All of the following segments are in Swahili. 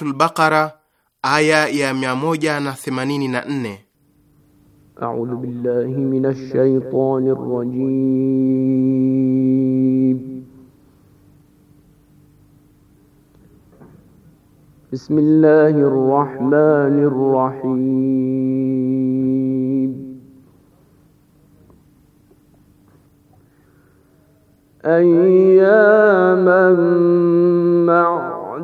Suratul Baqara aya ya 184. A'udhu billahi minash shaitanir rajim. Bismillahir rahmanir rahim. أياما معروفة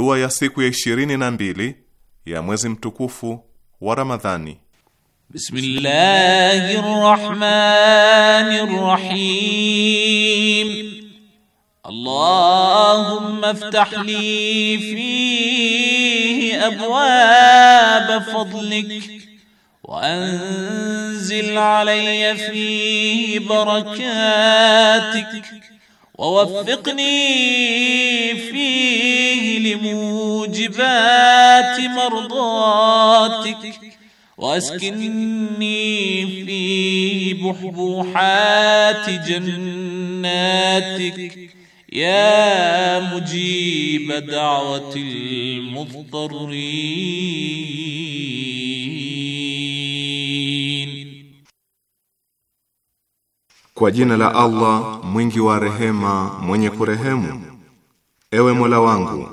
Dua ya siku ya ishirini na mbili ya mwezi mtukufu wa Ramadhani. Bismillahir Rahmanir Rahim. Allahumma iftah li fihi abwab fadlik wa anzil علي فيه barakatik ووفقني فيه لموجبات مرضاتك واسكنني فيه بحبوحات جناتك يا مجيب دعوه المضطرين Kwa jina la Allah mwingi wa rehema, mwenye kurehemu. Ewe Mola wangu,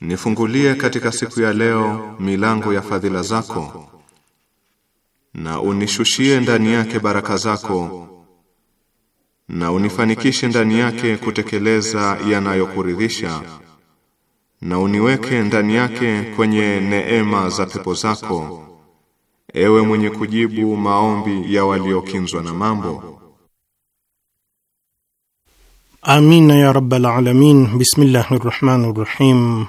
nifungulie katika siku ya leo milango ya fadhila zako na unishushie ndani yake baraka zako na unifanikishe ndani yake kutekeleza yanayokuridhisha na uniweke ndani yake kwenye neema za pepo zako, ewe mwenye kujibu maombi ya waliokinzwa na mambo. Amina ya rabbal alamin. Bismillahi rahmani rahim.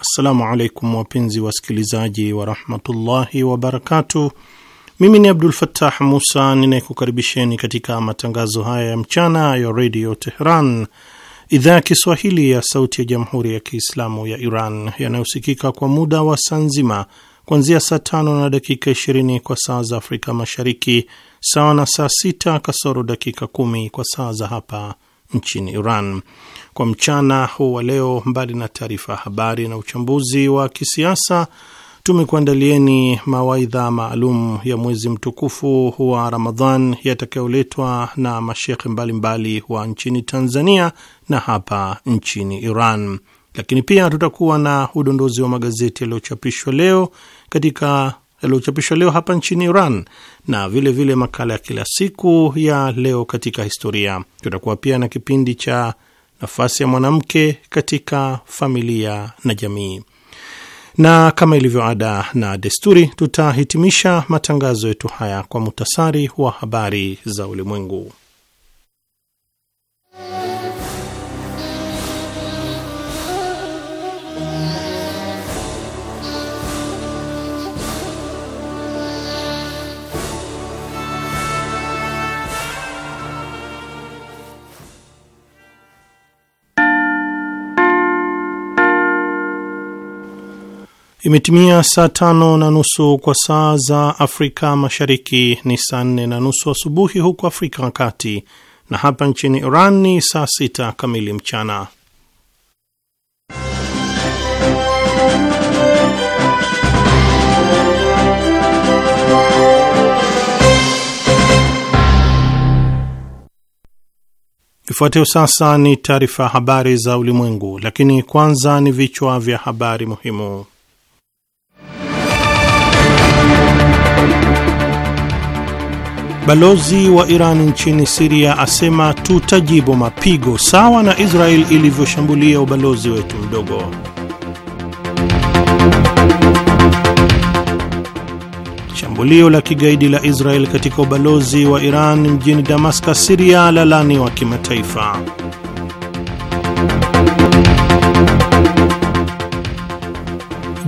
Assalamu alaikum wapenzi wasikilizaji warahmatullahi wabarakatuh. Mimi ni Abdul Fattah Musa ninayekukaribisheni katika matangazo haya ya mchana ya redio Tehran, idhaa ya Kiswahili ya sauti ya jamhuri ya Kiislamu ya Iran, yanayosikika kwa muda wa saa nzima kuanzia saa tano na dakika 20 kwa saa za Afrika Mashariki, sawa na saa sita kasoro dakika kumi kwa saa za hapa nchini Iran. Kwa mchana huu wa leo, mbali na taarifa ya habari na uchambuzi wa kisiasa, tumekuandalieni mawaidha maalum ya mwezi mtukufu wa Ramadhan yatakayoletwa na mashekhe mbalimbali wa nchini Tanzania na hapa nchini Iran, lakini pia tutakuwa na udondozi wa magazeti yaliyochapishwa leo katika yaliyochapishwa leo hapa nchini Iran na vilevile vile makala ya kila siku ya leo katika historia. Tutakuwa pia na kipindi cha nafasi ya mwanamke katika familia na jamii, na kama ilivyo ada na desturi, tutahitimisha matangazo yetu haya kwa muhtasari wa habari za ulimwengu. Imetimia saa tano na nusu kwa saa za Afrika Mashariki, ni saa nne na nusu asubuhi huko Afrika ya Kati, na hapa nchini Iran ni saa sita kamili mchana. Ifuatayo sasa ni taarifa ya habari za ulimwengu, lakini kwanza ni vichwa vya habari muhimu. Balozi wa Iran nchini Siria asema tutajibu mapigo sawa na Israel ilivyoshambulia ubalozi wetu mdogo. Shambulio la kigaidi la Israel katika ubalozi wa Iran mjini Damascus, Siria, lalani wa kimataifa.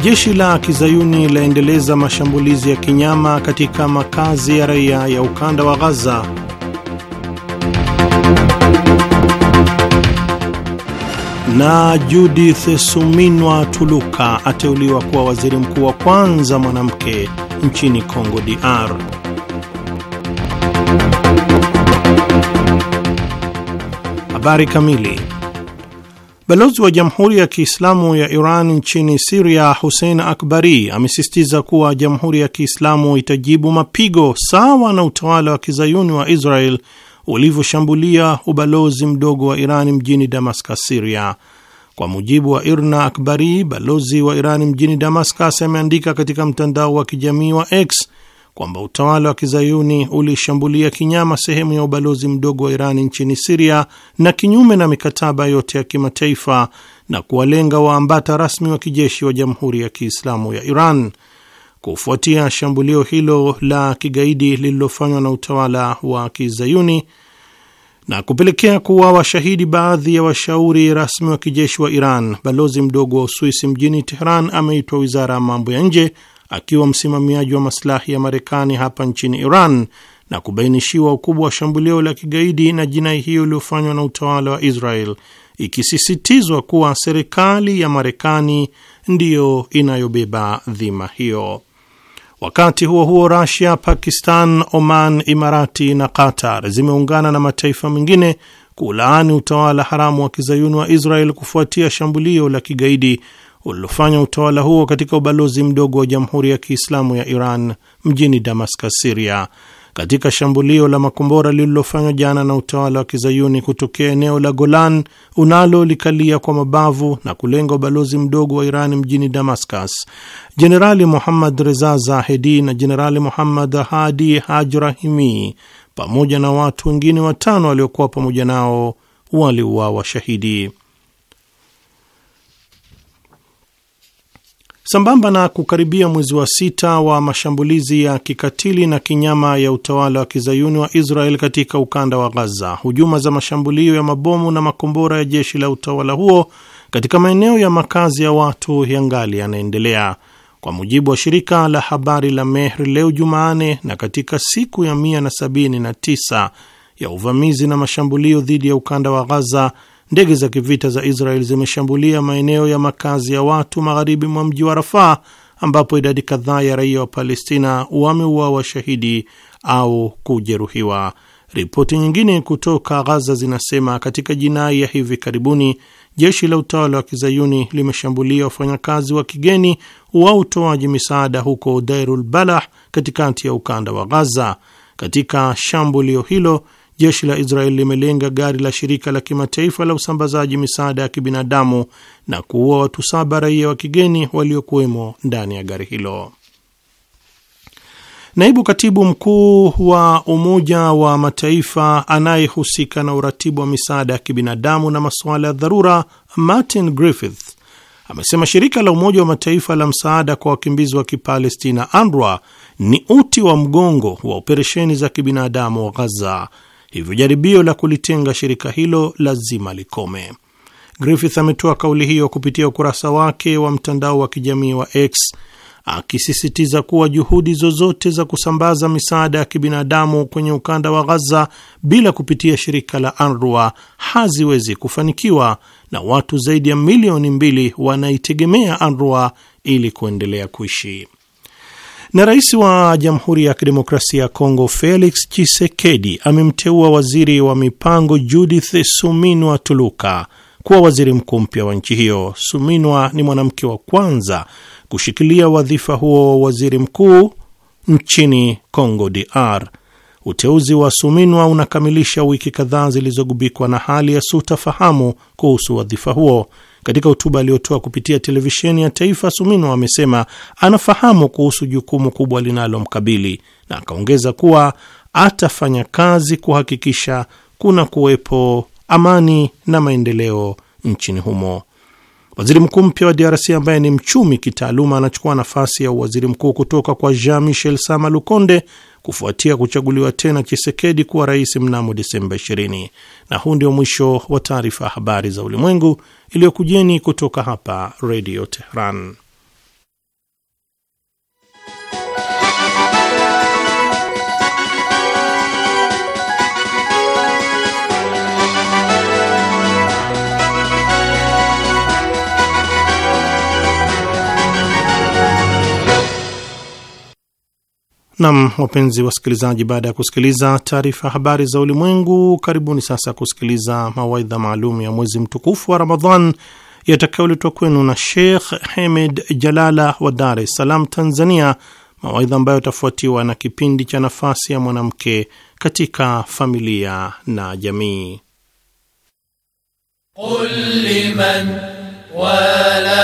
Jeshi la kizayuni laendeleza mashambulizi ya kinyama katika makazi ya raia ya ukanda wa Gaza. Na Judith Suminwa Tuluka ateuliwa kuwa waziri mkuu wa kwanza mwanamke nchini congo DR. Habari kamili Balozi wa Jamhuri ya Kiislamu ya Iran nchini Siria, Hussein Akbari, amesisitiza kuwa Jamhuri ya Kiislamu itajibu mapigo sawa na utawala wa kizayuni wa Israel ulivyoshambulia ubalozi mdogo wa Iran mjini Damascus, Siria. Kwa mujibu wa Irna Akbari, balozi wa Iran mjini Damascus ameandika katika mtandao wa kijamii wa X kwamba utawala wa kizayuni ulishambulia kinyama sehemu ya ubalozi mdogo wa Irani nchini Siria na kinyume na mikataba yote ya kimataifa na kuwalenga waambata rasmi wa kijeshi wa Jamhuri ya Kiislamu ya Iran. Kufuatia shambulio hilo la kigaidi lililofanywa na utawala wa kizayuni na kupelekea kuwa washahidi baadhi ya washauri rasmi wa kijeshi wa Iran, balozi mdogo wa Uswisi mjini Tehran ameitwa wizara ya mambo ya nje akiwa msimamiaji wa maslahi ya Marekani hapa nchini Iran na kubainishiwa ukubwa wa shambulio la kigaidi na jinai hiyo iliyofanywa na utawala wa Israel, ikisisitizwa kuwa serikali ya Marekani ndiyo inayobeba dhima hiyo. Wakati huo huo, Rasia, Pakistan, Oman, Imarati na Qatar zimeungana na mataifa mengine kulaani utawala haramu wa kizayuni wa Israel kufuatia shambulio la kigaidi ulilofanywa utawala huo katika ubalozi mdogo wa Jamhuri ya Kiislamu ya Iran mjini Damascus, Siria, katika shambulio la makombora lililofanywa jana na utawala wa kizayuni kutokea eneo la Golan unalolikalia kwa mabavu na kulenga ubalozi mdogo wa Iran mjini Damascus, Jenerali Muhammad Reza Zahedi na Jenerali Muhammad Hadi haj rahimi pamoja na watu wengine watano waliokuwa pamoja nao waliuawa shahidi. Sambamba na kukaribia mwezi wa sita wa mashambulizi ya kikatili na kinyama ya utawala wa kizayuni wa Israel katika ukanda wa Ghaza, hujuma za mashambulio ya mabomu na makombora ya jeshi la utawala huo katika maeneo ya makazi ya watu yangali yanaendelea. Kwa mujibu wa shirika la habari la Mehr leo Jumanne, na katika siku ya 179 ya uvamizi na mashambulio dhidi ya ukanda wa Ghaza Ndege za kivita za Israel zimeshambulia maeneo ya makazi ya watu magharibi mwa mji wa Rafaa, ambapo idadi kadhaa ya raia wa Palestina wameuawa shahidi au kujeruhiwa. Ripoti nyingine kutoka Ghaza zinasema katika jinai ya hivi karibuni jeshi la utawala wa kizayuni limeshambulia wafanyakazi wa kigeni wa utoaji misaada huko Dairul Balah katikati ya ukanda wa Ghaza. Katika shambulio hilo jeshi la Israeli limelenga gari la shirika la kimataifa la usambazaji misaada ya kibinadamu na kuua watu saba raia wa kigeni waliokuwemo ndani ya gari hilo. Naibu katibu mkuu wa Umoja wa Mataifa anayehusika na uratibu wa misaada ya kibinadamu na masuala ya dharura, Martin Griffith, amesema shirika la Umoja wa Mataifa la msaada kwa wakimbizi wa Kipalestina, UNRWA, ni uti wa mgongo wa operesheni za kibinadamu wa Ghaza hivyo jaribio la kulitenga shirika hilo lazima likome. Griffith ametoa kauli hiyo kupitia ukurasa wake wa mtandao wa kijamii wa X akisisitiza kuwa juhudi zozote za kusambaza misaada ya kibinadamu kwenye ukanda wa Ghaza bila kupitia shirika la Anrua haziwezi kufanikiwa na watu zaidi ya milioni mbili wanaitegemea Anrua ili kuendelea kuishi. Na rais wa Jamhuri ya Kidemokrasia ya Kongo Felix Tshisekedi amemteua waziri wa mipango Judith Suminwa Tuluka kuwa waziri mkuu mpya wa nchi hiyo. Suminwa ni mwanamke wa kwanza kushikilia wadhifa huo wa waziri mkuu nchini Congo DR. Uteuzi wa Suminwa unakamilisha wiki kadhaa zilizogubikwa na hali ya sutafahamu kuhusu wadhifa huo. Katika hotuba aliyotoa kupitia televisheni ya taifa, Sumino amesema anafahamu kuhusu jukumu kubwa linalomkabili na akaongeza kuwa atafanya kazi kuhakikisha kuna kuwepo amani na maendeleo nchini humo. Waziri mkuu mpya wa DRC ambaye ni mchumi kitaaluma anachukua nafasi ya uwaziri mkuu kutoka kwa Jean Michel Sama Lukonde kufuatia kuchaguliwa tena Chisekedi kuwa rais mnamo Desemba 20. Na huu ndio mwisho wa taarifa ya habari za ulimwengu iliyokujeni kutoka hapa Redio Tehran. Nam, wapenzi wasikilizaji, baada ya kusikiliza taarifa ya habari za ulimwengu, karibuni sasa kusikiliza mawaidha maalum ya mwezi mtukufu wa Ramadhan yatakayoletwa kwenu na Sheikh Hemed Jalala wa Dar es Salaam, Tanzania, mawaidha ambayo yatafuatiwa na kipindi cha nafasi ya mwanamke katika familia na jamii. Qul liman wala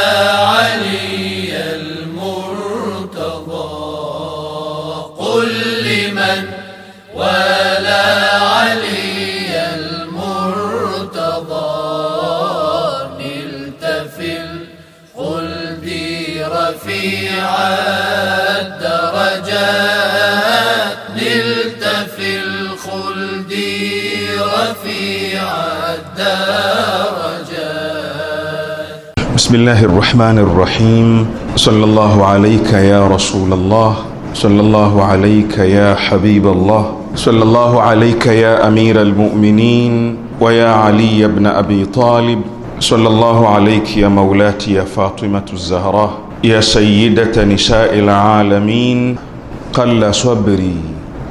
بسم الله الرحمن الرحيم صلى الله عليك يا رسول الله صلى الله عليك يا حبيب الله صلى الله عليك يا امير المؤمنين ويا علي بن ابي طالب صلى الله عليك يا مولاتي يا فاطمه الزهراء يا سيده نساء العالمين قل صبري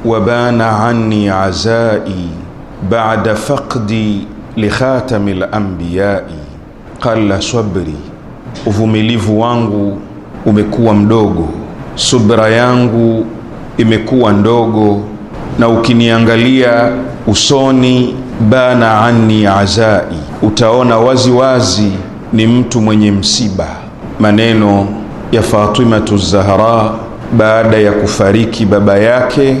وبان عني عزائي بعد فقدي لخاتم الانبياء qalla sabri, uvumilivu wangu umekuwa mdogo, subra yangu imekuwa ndogo, na ukiniangalia usoni bana anni azai, utaona wazi wazi ni mtu mwenye msiba. Maneno ya Fatimatu Zahra baada ya kufariki baba yake,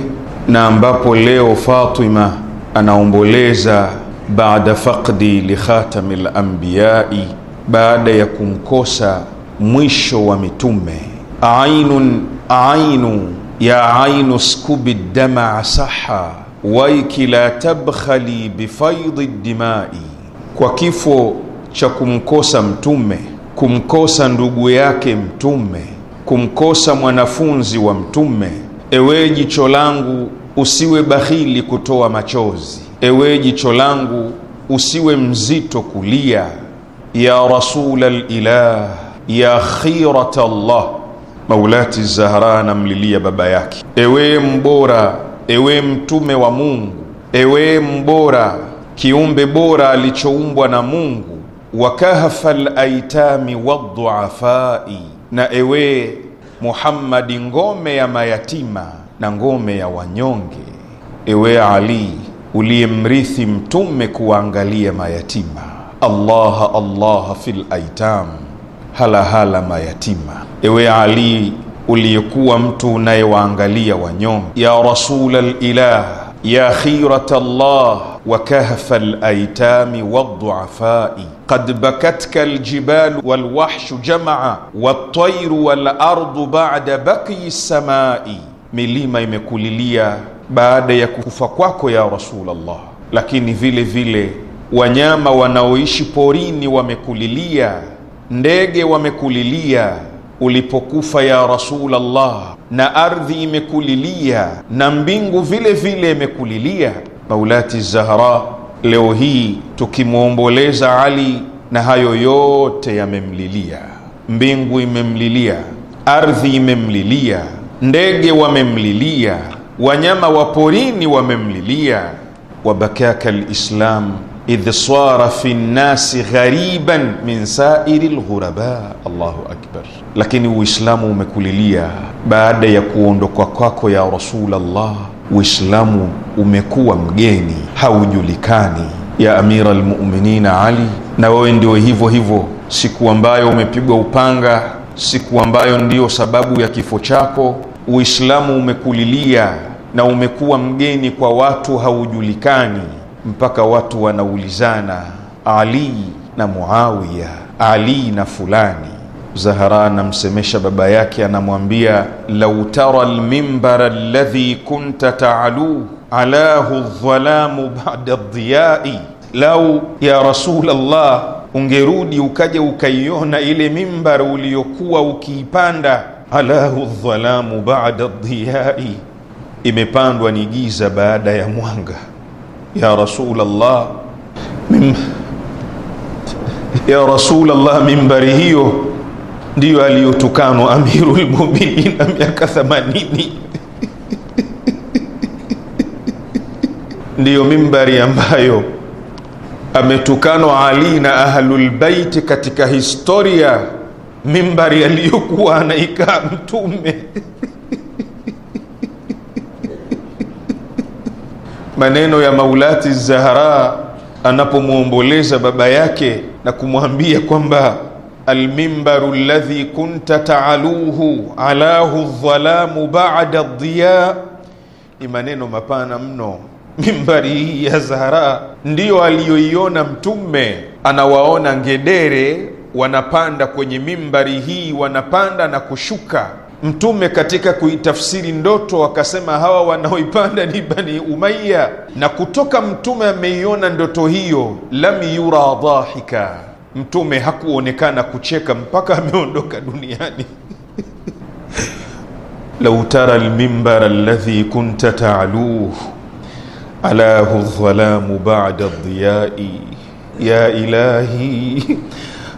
na ambapo leo Fatima anaomboleza baada faqdi likhatami lambiyai, baada ya kumkosa mwisho wa mitume. ainun ainu ya ainu skubi dama saha waiki la tabkhali bifaidi dimai, kwa kifo cha kumkosa mtume, kumkosa ndugu yake mtume, kumkosa mwanafunzi wa mtume. Ewe jicho langu, usiwe bahili kutoa machozi ewe jicho langu usiwe mzito kulia, ya rasula lilah, ya khirat Allah, maulati Zahra anamlilia baba yake, ewe mbora, ewe mtume wa Mungu, ewe mbora, kiumbe bora alichoumbwa na Mungu, wa kahfa laitami wadhuafai, na ewe Muhammadi ngome ya mayatima na ngome ya wanyonge, ewe Ali uliyemrithi Mtume kuwaangalia mayatima. Allaha allaha fil aitam, hala hala mayatima. Ewe Ali uliyekuwa mtu unayewaangalia wanyonge. Ya rasula lilah ya khirat llah wa kahfa laitami wadduafai qad bakatka ljibalu walwahshu jamaa waltairu walardu bada bakyi lsamai, milima imekulilia baada ya kufa kwako ya Rasulullah, lakini vile vile wanyama wanaoishi porini wamekulilia, ndege wamekulilia ulipokufa ya Rasulullah, na ardhi imekulilia na mbingu vile vile imekulilia. Maulati Zahra, leo hii tukimwomboleza Ali, na hayo yote yamemlilia. Mbingu imemlilia, ardhi imemlilia, ndege wamemlilia wanyama wa porini wamemlilia. wabakaka lislam idh sara fi nnasi ghariban min sairi lghuraba. Allahu akbar! Lakini Uislamu umekulilia baada ya kuondoka kwako ya Rasulullah. Uislamu umekuwa mgeni, haujulikani ya Amira Almuminina Ali, na wewe ndio hivyo hivyo. Siku ambayo umepigwa upanga, siku ambayo ndiyo sababu ya kifo chako, Uislamu umekulilia na umekuwa mgeni kwa watu, haujulikani mpaka watu wanaulizana Ali na Muawiya, Ali na fulani. Zahara anamsemesha baba yake, anamwambia lau tara lmimbara alladhi kunta taalu alahu dhalamu bada dhiyai, lau ya rasul Allah, ungerudi ukaja ukaiona ile mimbar uliyokuwa ukiipanda alahu dhalamu ba'da dhiyai, imepandwa ni giza baada ya mwanga. Ya Rasulullah, mim ya Rasulullah, mimbari hiyo ndiyo aliyotukanwa Amirul Muminina miaka 80 ndiyo mimbari ambayo ametukanwa Ali na Ahlul katika historia mimbari aliyokuwa anaikaa Mtume maneno ya Maulati Zahara anapomwomboleza baba yake na kumwambia kwamba almimbaru ladhi kunta taaluhu alahu dhalamu ba'da ldhiya, ni maneno mapana mno. Mimbari hii ya Zahara ndiyo aliyoiona Mtume, anawaona ngedere wanapanda kwenye mimbari hii, wanapanda na kushuka. Mtume katika kuitafsiri ndoto akasema hawa wanaoipanda ni Bani Umaya, na kutoka Mtume ameiona ndoto hiyo, lam yura dhahika, Mtume hakuonekana kucheka mpaka ameondoka duniani. lau tara lmimbar aladhi kunta taaluh alahu dhalamu bada ldhiyai ya ilahi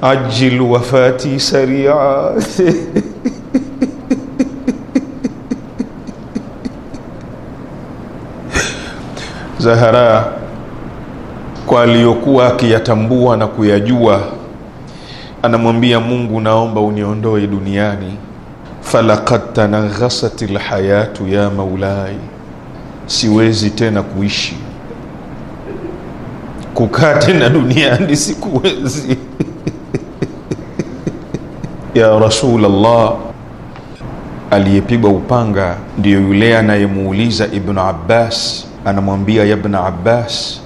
ajil wafati saria Zahara kwa aliyokuwa akiyatambua na kuyajua, anamwambia Mungu, naomba uniondoe duniani. falakad tanaghasat lhayatu ya maulai, siwezi tena kuishi kukaa tena duniani, sikuwezi ya Rasulullah, aliyepigwa upanga ndiyo yule anayemuuliza Ibnu Abbas, anamwambia ya Ibnu Abbas,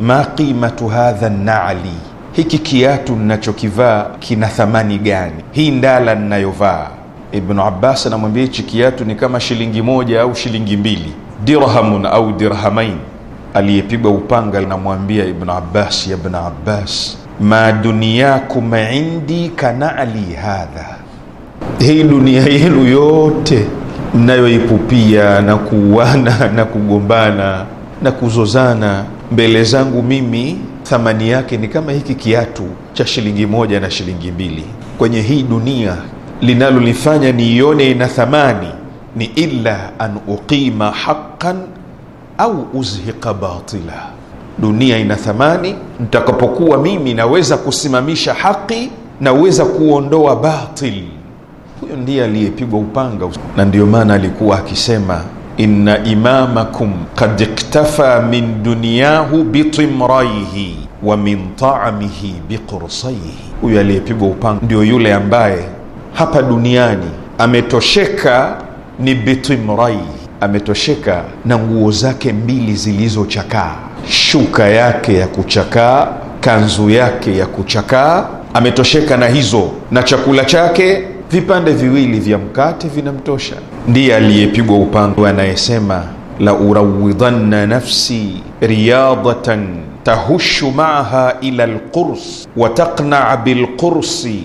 ma qimatu hadha nali, hiki kiatu ninachokivaa kina thamani gani? Hii ndala ninayovaa. Ibnu Abbas anamwambia hichi kiatu ni kama shilingi moja au shilingi mbili, dirhamun au dirhamain. Aliyepigwa upanga anamwambia Ibnu Abbas, ya Ibnu Abbas ma duniyakum indi kanaali hadha, hii dunia yenu yote mnayoipupia na kuuana na kugombana na kuzozana mbele zangu mimi, thamani yake ni kama hiki kiatu cha shilingi moja na shilingi mbili kwenye hii dunia. Linalolifanya niione ina thamani ni illa an uqima haqqan au uzhiqa batila dunia ina thamani ntakapokuwa mimi naweza kusimamisha haqi naweza kuondoa batil huyo ndiye aliyepigwa upanga na ndio maana alikuwa akisema inna imamakum kad iktafa min dunyahu bitimraihi wa min taamihi biqursaihi huyo aliyepigwa upanga ndio yule ambaye hapa duniani ametosheka ni bitimraihi ametosheka na nguo zake mbili zilizochakaa shuka yake ya kuchakaa, kanzu yake ya kuchakaa, ametosheka na hizo, na chakula chake vipande viwili vya mkate vinamtosha. Ndiye aliyepigwa upanga, anayesema la urawidhanna nafsi riyadatan tahushu maaha ila lqurs wataqnaa bilqursi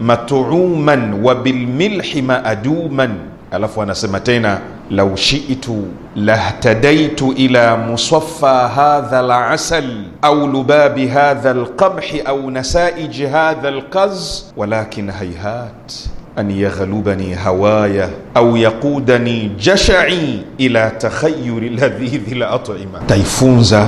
matuuman wa bilmilhi maaduman. Alafu anasema tena lau shitu lahtadaitu ila musaffa hadha lasal au lubabi hadha lqamhi au nasaiji hadha lqaz walakin hayhat an yaghlubani hawaya au yaqudani jashai ila takhayuri ladhidhi la atima. Taifunza,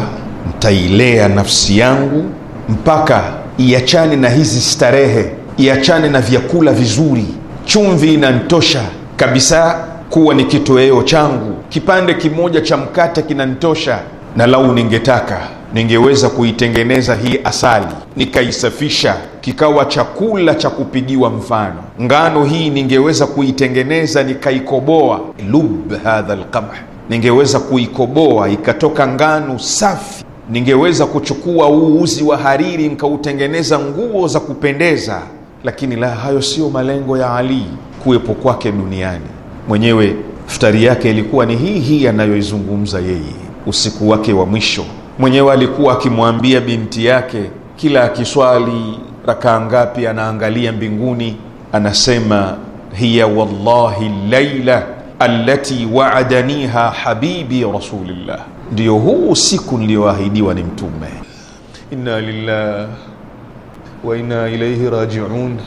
ntailea nafsi yangu mpaka iachane na hizi starehe, iachane na vyakula vizuri, chumvi inantosha kabisa kuwa ni kitoweo changu, kipande kimoja cha mkate kinanitosha, na lau ningetaka ningeweza kuitengeneza hii asali nikaisafisha kikawa chakula cha kupigiwa mfano. Ngano hii ningeweza kuitengeneza nikaikoboa, lub hadha lqamh, ningeweza kuikoboa ikatoka ngano safi. Ningeweza kuchukua huu uzi wa hariri nikautengeneza nguo za kupendeza, lakini la, hayo siyo malengo ya Ali kuwepo kwake duniani mwenyewe futari yake ilikuwa ni hii hii anayoizungumza yeye usiku wake wa mwisho mwenyewe alikuwa akimwambia binti yake kila akiswali rakaa ngapi anaangalia mbinguni anasema hiya wallahi laila alati waadaniha habibi rasulillah ndiyo huu usiku niliyoahidiwa ni mtume inna lillah wa inna ilaihi rajiun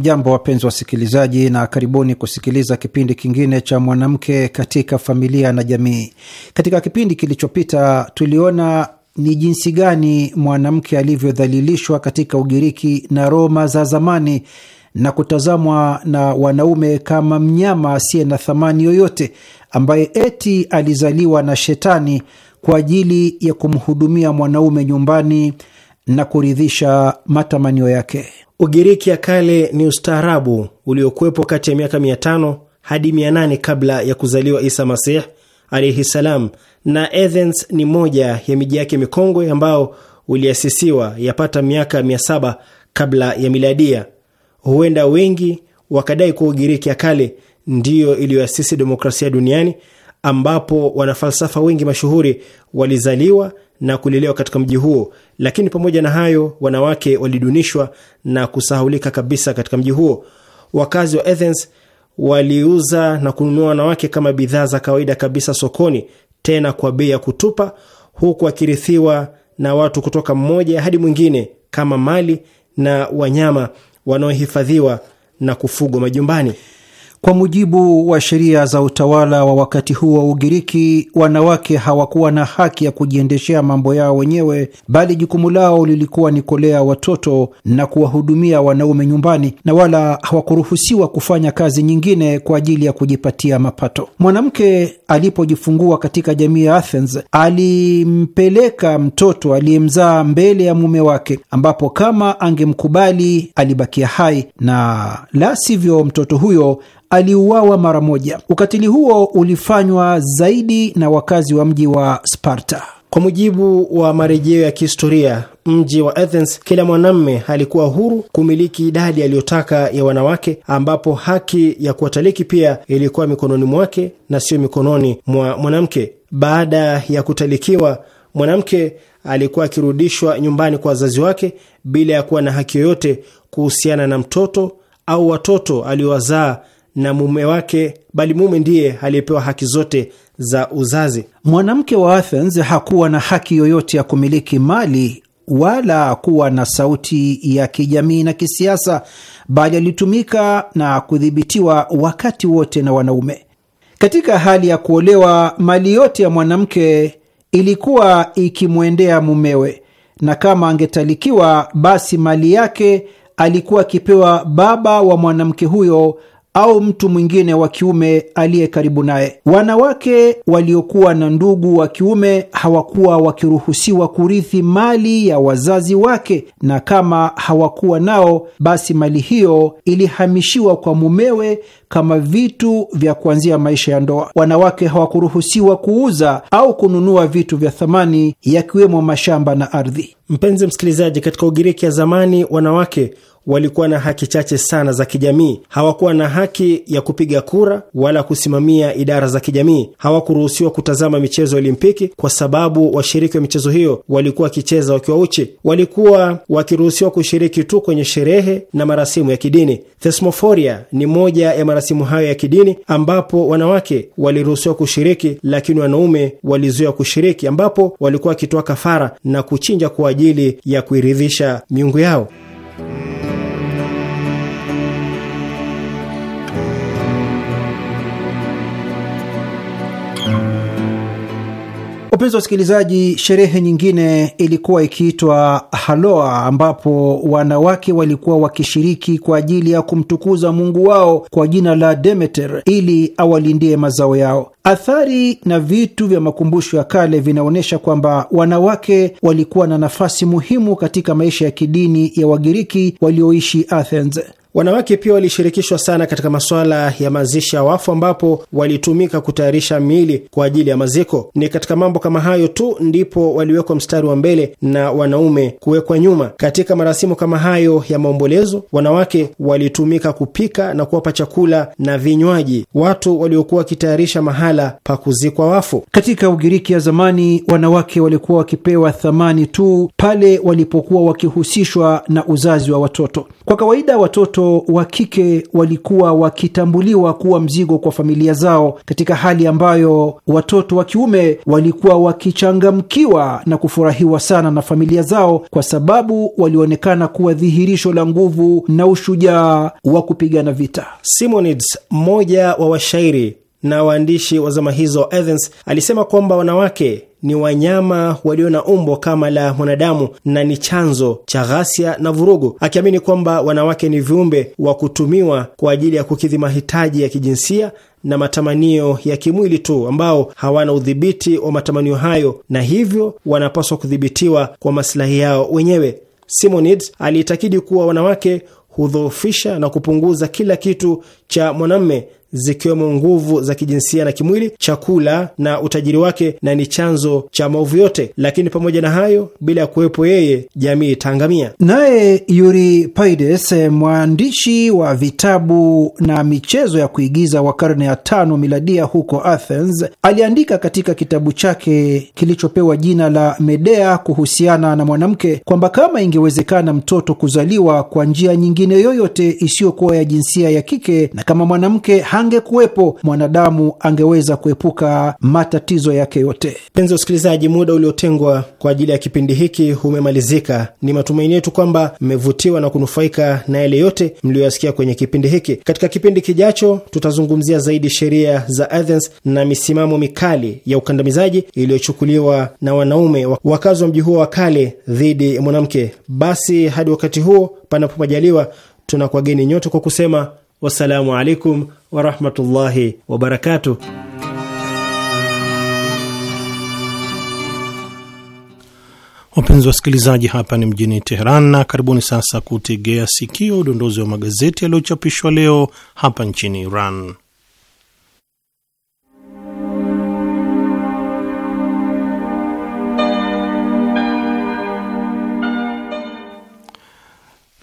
Hamjambo, wapenzi wasikilizaji, na karibuni kusikiliza kipindi kingine cha mwanamke katika familia na jamii. Katika kipindi kilichopita, tuliona ni jinsi gani mwanamke alivyodhalilishwa katika Ugiriki na Roma za zamani na kutazamwa na wanaume kama mnyama asiye na thamani yoyote, ambaye eti alizaliwa na Shetani kwa ajili ya kumhudumia mwanaume nyumbani na kuridhisha matamanio yake. Ugiriki ya kale ni ustaarabu uliokuwepo kati ya miaka 500 hadi 800 kabla ya kuzaliwa Isa Masih alaihi salam, na Athens ni moja ya miji yake mikongwe ambao uliasisiwa yapata miaka 700 kabla ya miladia. Huenda wengi wakadai kuwa Ugiriki ya kale ndiyo iliyoasisi demokrasia duniani ambapo wanafalsafa wengi mashuhuri walizaliwa na kulelewa katika mji huo, lakini pamoja na hayo, wanawake walidunishwa na kusahulika kabisa katika mji huo. Wakazi wa Athens waliuza na kununua wanawake kama bidhaa za kawaida kabisa sokoni, tena kwa bei ya kutupa, huku wakirithiwa na watu kutoka mmoja hadi mwingine kama mali na wanyama wanaohifadhiwa na kufugwa majumbani. Kwa mujibu wa sheria za utawala wa wakati huo wa Ugiriki, wanawake hawakuwa na haki ya kujiendeshea mambo yao wenyewe, bali jukumu lao lilikuwa ni kulea watoto na kuwahudumia wanaume nyumbani, na wala hawakuruhusiwa kufanya kazi nyingine kwa ajili ya kujipatia mapato. Mwanamke alipojifungua katika jamii ya Athens, alimpeleka mtoto aliyemzaa mbele ya mume wake, ambapo kama angemkubali alibakia hai, na la sivyo mtoto huyo aliuawa mara moja. Ukatili huo ulifanywa zaidi na wakazi wa mji wa Sparta. Kwa mujibu wa marejeo ya kihistoria, mji wa Athens, kila mwanamme alikuwa huru kumiliki idadi aliyotaka ya wanawake, ambapo haki ya kuwataliki pia ilikuwa mikononi mwake na sio mikononi mwa mwanamke. Baada ya kutalikiwa, mwanamke alikuwa akirudishwa nyumbani kwa wazazi wake bila ya kuwa na haki yoyote kuhusiana na mtoto au watoto aliowazaa na mume wake, bali mume ndiye aliyepewa haki zote za uzazi. Mwanamke wa Athens hakuwa na haki yoyote ya kumiliki mali wala kuwa na sauti ya kijamii na kisiasa, bali alitumika na kudhibitiwa wakati wote na wanaume. Katika hali ya kuolewa, mali yote ya mwanamke ilikuwa ikimwendea mumewe, na kama angetalikiwa, basi mali yake alikuwa akipewa baba wa mwanamke huyo au mtu mwingine wa kiume aliye karibu naye. Wanawake waliokuwa na ndugu wa kiume hawakuwa wakiruhusiwa kurithi mali ya wazazi wake, na kama hawakuwa nao, basi mali hiyo ilihamishiwa kwa mumewe kama vitu vya kuanzia maisha ya ndoa. Wanawake hawakuruhusiwa kuuza au kununua vitu vya thamani, yakiwemo mashamba na ardhi. Mpenzi msikilizaji, katika Ugiriki ya zamani wanawake walikuwa na haki chache sana za kijamii. Hawakuwa na haki ya kupiga kura wala kusimamia idara za kijamii. Hawakuruhusiwa kutazama michezo ya Olimpiki kwa sababu washiriki wa michezo hiyo walikuwa wakicheza wakiwa uchi. Walikuwa wakiruhusiwa kushiriki tu kwenye sherehe na marasimu ya kidini. Thesmoforia ni moja ya marasimu hayo ya kidini, ambapo wanawake waliruhusiwa kushiriki, lakini wanaume walizuiwa kushiriki, ambapo walikuwa wakitoa kafara na kuchinja kwa ajili ya kuiridhisha miungu yao. Wapenzi wasikilizaji, sherehe nyingine ilikuwa ikiitwa Haloa, ambapo wanawake walikuwa wakishiriki kwa ajili ya kumtukuza mungu wao kwa jina la Demeter ili awalindie mazao yao. Athari na vitu vya makumbusho ya kale vinaonyesha kwamba wanawake walikuwa na nafasi muhimu katika maisha ya kidini ya Wagiriki walioishi Athens. Wanawake pia walishirikishwa sana katika masuala ya mazishi ya wafu, ambapo walitumika kutayarisha miili kwa ajili ya maziko. Ni katika mambo kama hayo tu ndipo waliwekwa mstari wa mbele na wanaume kuwekwa nyuma. Katika marasimu kama hayo ya maombolezo, wanawake walitumika kupika na kuwapa chakula na vinywaji watu waliokuwa wakitayarisha mahala pa kuzikwa wafu. Katika Ugiriki ya zamani, wanawake walikuwa wakipewa thamani tu pale walipokuwa wakihusishwa na uzazi wa watoto. Kwa kawaida watoto watoto wa kike walikuwa wakitambuliwa kuwa mzigo kwa familia zao, katika hali ambayo watoto wa kiume walikuwa wakichangamkiwa na kufurahiwa sana na familia zao, kwa sababu walionekana kuwa dhihirisho la nguvu na ushujaa wa kupigana vita. Simonides, mmoja wa washairi na waandishi wa zama hizo Athens, alisema kwamba wanawake ni wanyama walio na umbo kama la mwanadamu na ni chanzo cha ghasia na vurugu, akiamini kwamba wanawake ni viumbe wa kutumiwa kwa ajili ya kukidhi mahitaji ya kijinsia na matamanio ya kimwili tu, ambao hawana udhibiti wa matamanio hayo na hivyo wanapaswa kudhibitiwa kwa masilahi yao wenyewe. Simonides aliitakidi kuwa wanawake hudhoofisha na kupunguza kila kitu cha mwanamme zikiwemo nguvu za kijinsia na kimwili, chakula na utajiri wake, na ni chanzo cha maovu yote. Lakini pamoja na hayo, bila ya kuwepo yeye, jamii itaangamia. Naye Paides, mwandishi wa vitabu na michezo ya kuigiza wa karne ya tano miladia huko Athens, aliandika katika kitabu chake kilichopewa jina la Medea kuhusiana na mwanamke kwamba kama ingewezekana mtoto kuzaliwa kwa njia nyingine yoyote isiyokuwa ya jinsia ya kike na kama mwanamke angekuwepo mwanadamu angeweza kuepuka matatizo yake yote. Mpenzi usikilizaji, muda uliotengwa kwa ajili ya kipindi hiki umemalizika. Ni matumaini yetu kwamba mmevutiwa na kunufaika na yale yote mliyoyasikia kwenye kipindi hiki. Katika kipindi kijacho, tutazungumzia zaidi sheria za Athens na misimamo mikali ya ukandamizaji iliyochukuliwa na wanaume wakazi wa mji huo wa kale dhidi ya mwanamke. Basi hadi wakati huo, panapo majaliwa, geni nyote kwa kusema Wassalamu alaikum warahmatullahi wabarakatuh. Wapenzi wasikilizaji, hapa ni mjini Teheran na karibuni sasa kutegea sikio udondozi wa magazeti yaliyochapishwa leo hapa nchini Iran.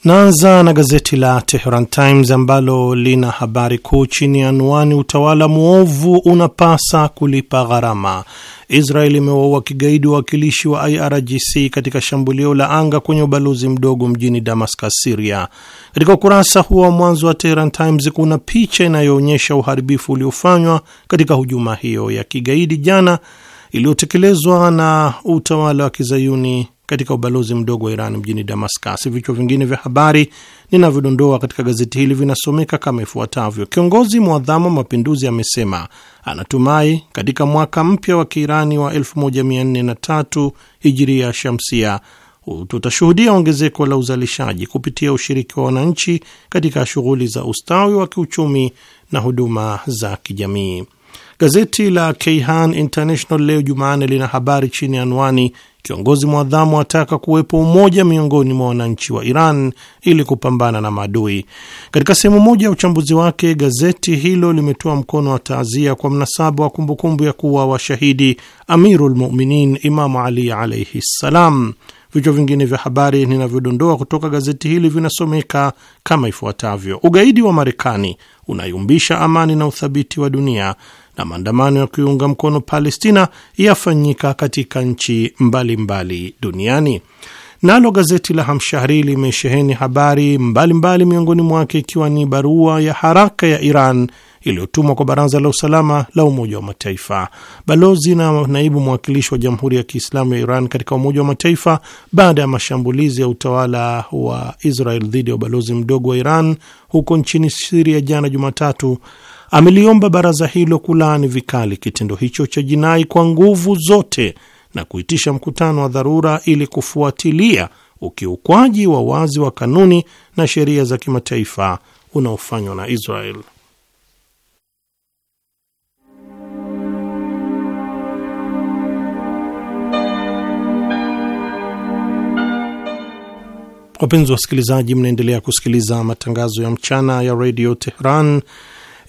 Naanza na gazeti la Tehran Times ambalo lina habari kuu chini ya anwani utawala mwovu unapasa kulipa gharama. Israel imewaua kigaidi wawakilishi wa IRGC katika shambulio la anga kwenye ubalozi mdogo mjini Damascus, siria Katika ukurasa huo wa mwanzo wa Tehran Times kuna picha inayoonyesha uharibifu uliofanywa katika hujuma hiyo ya kigaidi jana iliyotekelezwa na utawala wa kizayuni katika ubalozi mdogo wa Iran mjini Damascus. Vichwa vingine vya habari ninavyodondoa katika gazeti hili vinasomeka kama ifuatavyo: kiongozi mwadhamu wa mapinduzi amesema anatumai katika mwaka mpya wa Kiirani wa 1403 hijiria shamsia tutashuhudia ongezeko la uzalishaji kupitia ushiriki wa wananchi katika shughuli za ustawi wa kiuchumi na huduma za kijamii. Gazeti la Kayhan International leo Jumanne lina habari chini ya anwani, kiongozi mwadhamu ataka kuwepo umoja miongoni mwa wananchi wa Iran ili kupambana na maadui. Katika sehemu moja ya uchambuzi wake, gazeti hilo limetoa mkono wa taazia kwa mnasaba wa kumbukumbu ya kuwa washahidi Amirul Muminin Imamu Ali alaihi ssalam. Vichwa vingine vya habari ninavyodondoa kutoka gazeti hili vinasomeka kama ifuatavyo: ugaidi wa Marekani unayumbisha amani na uthabiti wa dunia na maandamano ya kuiunga mkono Palestina yafanyika katika nchi mbalimbali mbali duniani. Nalo gazeti la Hamshahri limesheheni habari mbalimbali mbali, miongoni mwake ikiwa ni barua ya haraka ya Iran iliyotumwa kwa Baraza la Usalama la Umoja wa Mataifa. Balozi na naibu mwakilishi wa Jamhuri ya Kiislamu ya Iran katika Umoja wa Mataifa, baada ya mashambulizi ya utawala wa Israel dhidi ya ubalozi mdogo wa Iran huko nchini Siria jana Jumatatu, ameliomba baraza hilo kulaani vikali kitendo hicho cha jinai kwa nguvu zote na kuitisha mkutano wa dharura ili kufuatilia ukiukwaji wa wazi wa kanuni na sheria za kimataifa unaofanywa na Israel. Wapenzi wasikilizaji, mnaendelea kusikiliza matangazo ya mchana ya redio Tehran,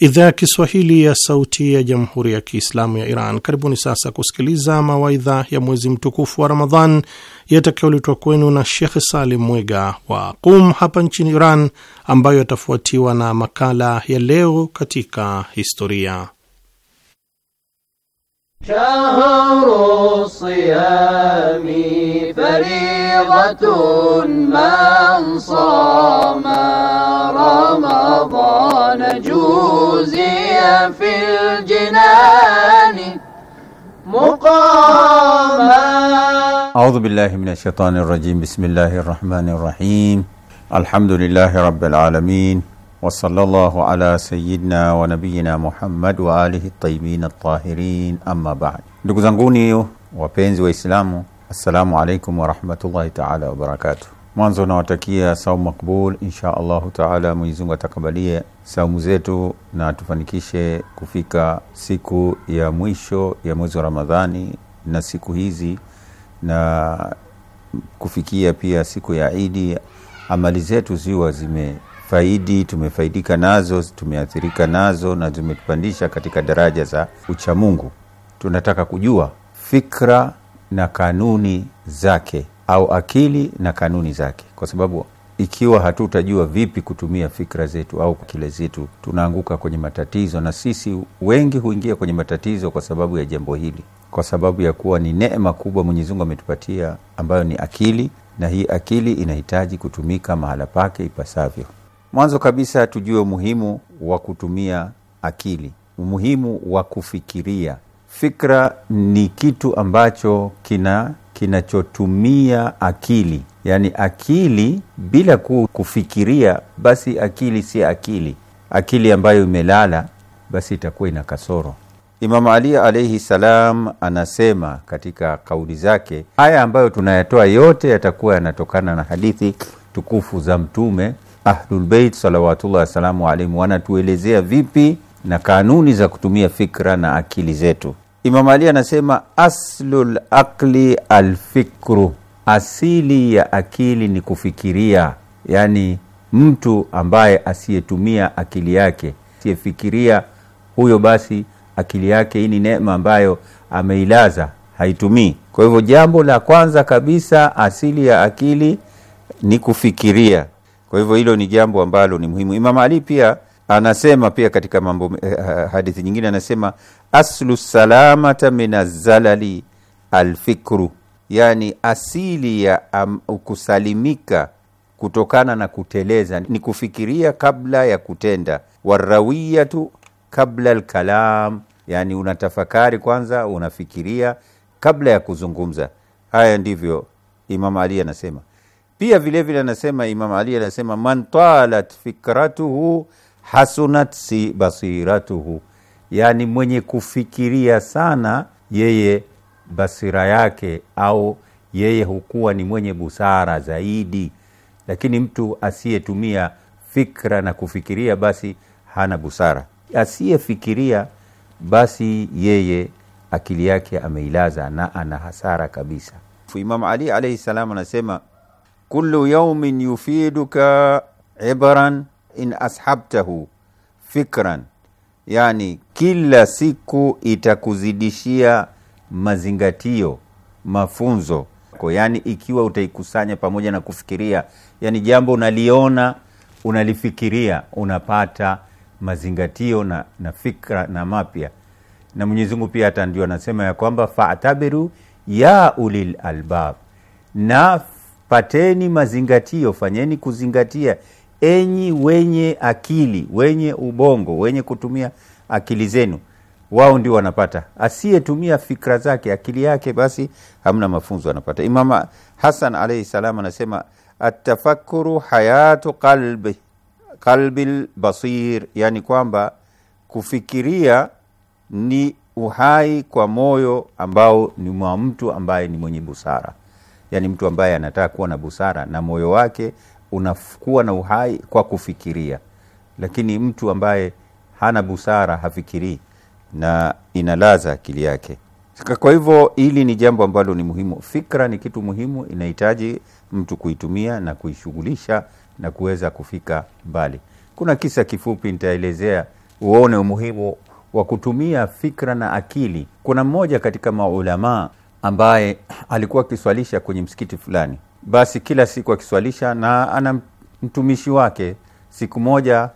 idhaa ya Kiswahili ya Sauti ya Jamhuri ya Kiislamu ya Iran. Karibuni sasa kusikiliza mawaidha ya mwezi mtukufu wa Ramadhan yatakayoletwa kwenu na Shekh Salim Mwega wa Qum hapa nchini Iran, ambayo yatafuatiwa na makala ya Leo katika Historia. Shahru siyami فريضة من صام رمضان جوزي في الجنان مقاما أعوذ بالله من الشيطان الرجيم بسم الله الرحمن الرحيم الحمد لله رب العالمين وصلى الله على سيدنا ونبينا محمد وآله الطيبين الطاهرين أما بعد ndugu زانغوني wapenzi waislamu Assalamu alaikum warahmatullahi taala wabarakatuh. Mwanzo nawatakia saumu makbul insha allahu taala, mwenyezimungu atakabalie saumu zetu na tufanikishe kufika siku ya mwisho ya mwezi wa Ramadhani na siku hizi na kufikia pia siku ya Idi. Amali zetu ziwa zimefaidi, tumefaidika nazo, tumeathirika nazo na zimetupandisha katika daraja za uchamungu. Tunataka kujua fikra na kanuni zake au akili na kanuni zake, kwa sababu ikiwa hatutajua vipi kutumia fikra zetu au akili zetu, tunaanguka kwenye matatizo, na sisi wengi huingia kwenye matatizo kwa sababu ya jambo hili, kwa sababu ya kuwa ni neema kubwa Mwenyezi ametupatia ambayo ni akili, na hii akili inahitaji kutumika mahala pake ipasavyo. Mwanzo kabisa tujue umuhimu wa kutumia akili, umuhimu wa kufikiria Fikra ni kitu ambacho kina kinachotumia akili, yaani akili bila kufikiria, basi akili si akili. Akili ambayo imelala basi itakuwa ina kasoro. Imam Ali alaihi salam anasema katika kauli zake, haya ambayo tunayatoa yote yatakuwa yanatokana na hadithi tukufu za Mtume Ahlulbeit salawatullahi wasalamu alaihim, wanatuelezea vipi na kanuni za kutumia fikra na akili zetu. Imam Ali anasema aslul akli alfikru, asili ya akili ni kufikiria. Yaani mtu ambaye asiyetumia akili yake, asiyefikiria, huyo basi akili yake hii ni neema ambayo ameilaza, haitumii. Kwa hivyo jambo la kwanza kabisa, asili ya akili ni kufikiria. Kwa hivyo hilo ni jambo ambalo ni muhimu. Imam Ali pia anasema pia katika mambo uh, hadithi nyingine anasema aslu salamata min azalali alfikru, yani asili ya um, kusalimika kutokana na kuteleza ni kufikiria kabla ya kutenda. Warawiyatu kabla alkalam, yani unatafakari kwanza, unafikiria kabla ya kuzungumza. Haya ndivyo Imam Ali anasema. Pia vilevile anasema Imam Ali anasema man talat fikratuhu hasunat si basiratuhu, yani mwenye kufikiria sana yeye basira yake au yeye hukuwa ni mwenye busara zaidi, lakini mtu asiyetumia fikra na kufikiria basi hana busara. Asiyefikiria basi yeye akili yake ameilaza na ana hasara kabisa. Imam Ali alaihi salam anasema, kulu yaumin yufiduka ibran in ashabtahu fikran, yani kila siku itakuzidishia mazingatio, mafunzo kwa yani, ikiwa utaikusanya pamoja na kufikiria, yani jambo unaliona unalifikiria, unapata mazingatio na, na fikra na mapya. Na Mwenyezi pia hata ndio anasema ya kwamba fatabiru ya ulilalbab albab, na pateni mazingatio, fanyeni kuzingatia enyi wenye akili, wenye ubongo, wenye kutumia akili zenu, wao ndio wanapata. Asiyetumia fikra zake akili yake, basi hamna mafunzo anapata. Imam Hasan alaihi salam anasema atafakuru hayatu qalbi qalbi lbasir yani kwamba kufikiria ni uhai kwa moyo ambao ni mwa mtu ambaye ni mwenye busara, yani mtu ambaye anataka kuwa na busara na moyo wake unakuwa na uhai kwa kufikiria lakini mtu ambaye hana busara hafikirii na inalaza akili yake kwa hivyo hili ni jambo ambalo ni muhimu fikra ni kitu muhimu inahitaji mtu kuitumia na kuishughulisha na kuweza kufika mbali kuna kisa kifupi nitaelezea uone umuhimu wa kutumia fikra na akili kuna mmoja katika maulamaa ambaye alikuwa akiswalisha kwenye msikiti fulani basi kila siku akiswalisha na ana mtumishi wake siku moja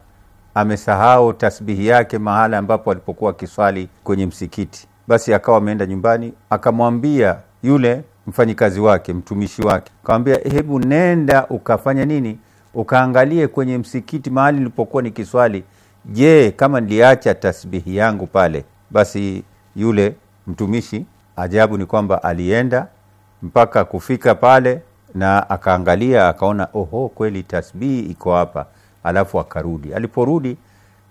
amesahau tasbihi yake mahala ambapo alipokuwa akiswali kwenye msikiti basi akawa ameenda nyumbani akamwambia yule mfanyikazi wake mtumishi wake akamwambia hebu nenda ukafanya nini ukaangalie kwenye msikiti mahali nilipokuwa nikiswali je kama niliacha tasbihi yangu pale basi yule mtumishi ajabu ni kwamba alienda mpaka kufika pale na akaangalia akaona, oho, kweli tasbihi iko hapa. Alafu akarudi. Aliporudi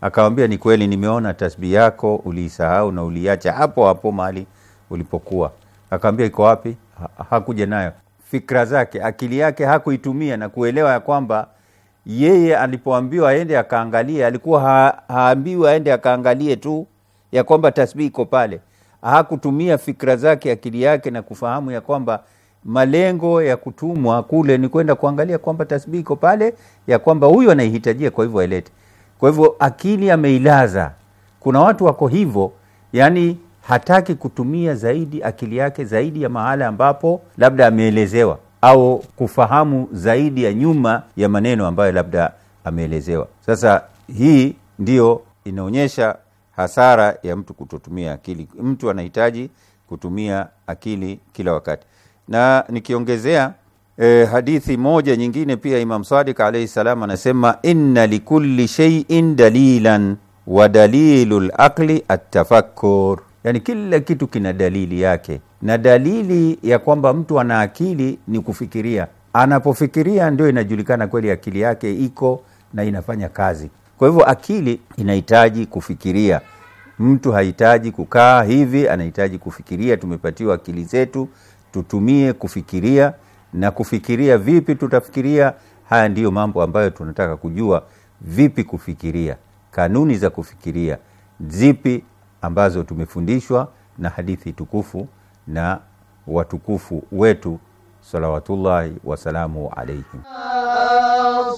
akawambia, ni kweli nimeona tasbihi yako uliisahau na uliacha hapo hapo mahali ulipokuwa. Akawambia, iko wapi? Ha, hakuja nayo. Fikra zake akili yake hakuitumia na kuelewa ya kwamba yeye alipoambiwa aende akaangalie, alikuwa ha, haambiwa aende akaangalie tu ya kwamba tasbihi iko pale. Hakutumia fikra zake akili yake na kufahamu ya kwamba malengo ya kutumwa kule ni kwenda kuangalia kwamba tasbihi iko pale, ya kwamba huyu anaihitajia, kwa hivyo ailete. Kwa hivyo akili ameilaza. Kuna watu wako hivyo, yani hataki kutumia zaidi akili yake zaidi ya mahala ambapo labda ameelezewa, au kufahamu zaidi ya nyuma ya maneno ambayo labda ameelezewa. Sasa hii ndiyo inaonyesha hasara ya mtu kutotumia akili. Mtu anahitaji kutumia akili kila wakati na nikiongezea e, hadithi moja nyingine pia Imam Sadiq alayhi salam anasema inna likulli shay'in dalilan wa dalilul aqli atafakkur, yani kila kitu kina dalili yake, na dalili ya kwamba mtu ana akili ni kufikiria. Anapofikiria ndio inajulikana kweli akili yake iko na inafanya kazi. Kwa hivyo akili inahitaji kufikiria. Mtu hahitaji kukaa hivi, anahitaji kufikiria. Tumepatiwa akili zetu tutumie kufikiria na kufikiria vipi tutafikiria. Haya ndiyo mambo ambayo tunataka kujua, vipi kufikiria, kanuni za kufikiria zipi ambazo tumefundishwa na hadithi tukufu na watukufu wetu salawatullahi wasalamu alaihim.